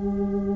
Thank you.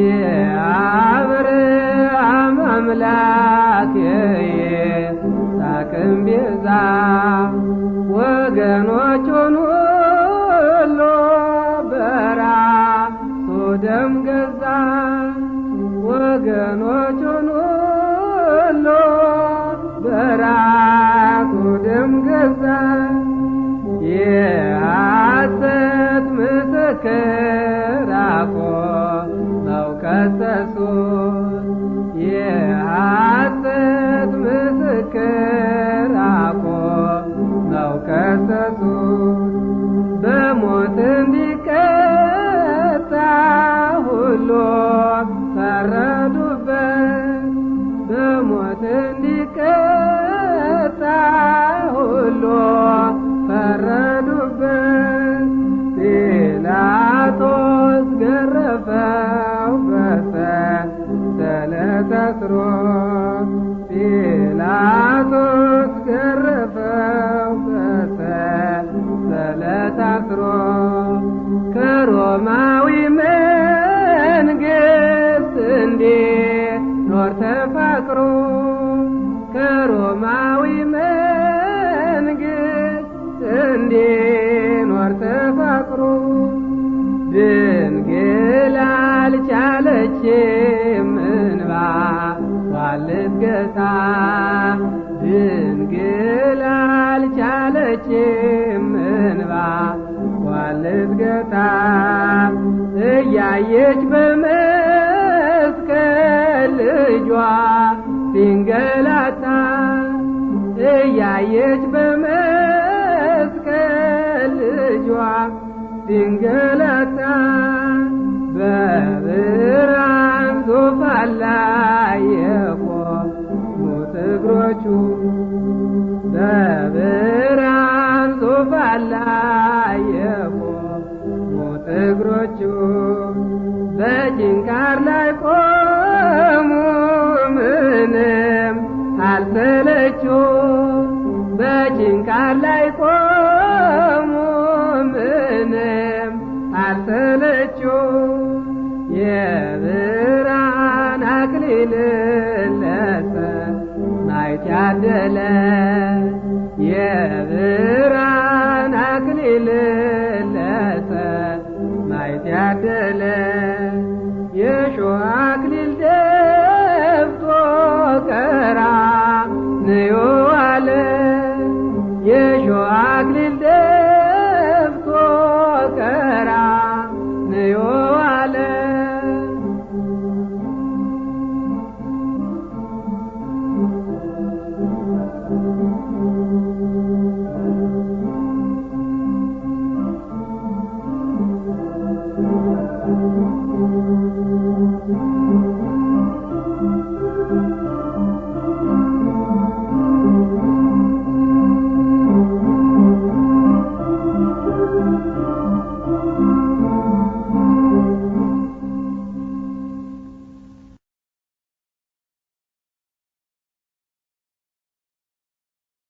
የአብርሃም አምላክ የይስሐቅም ቤዛ ወገኖቹን ሁሉ በራሱ ደም ገዛ ወገኖቹን ሁሉ በራሱ ደም ገዛ ምስክር Yeah. I ጲላጦስ ገረፈው ከሰለ ታስሮ ከሮማዊ መንግስት እንዴ ኖር ተፋቅሮ ከሮማዊ መንግስት እንዴት ኖር ተፋቅሮ ድንግል አልቻለችም ልት ገታ ድንግል አልቻለችም እንባ ዋልት ገታ እያየች በመስቀል ልጇ ሲንገላታ እያየች በመስቀል ልጇ ሲንገላ ሰራዊት ያደለ የብርሃን አክሊል ያደለ Thank you.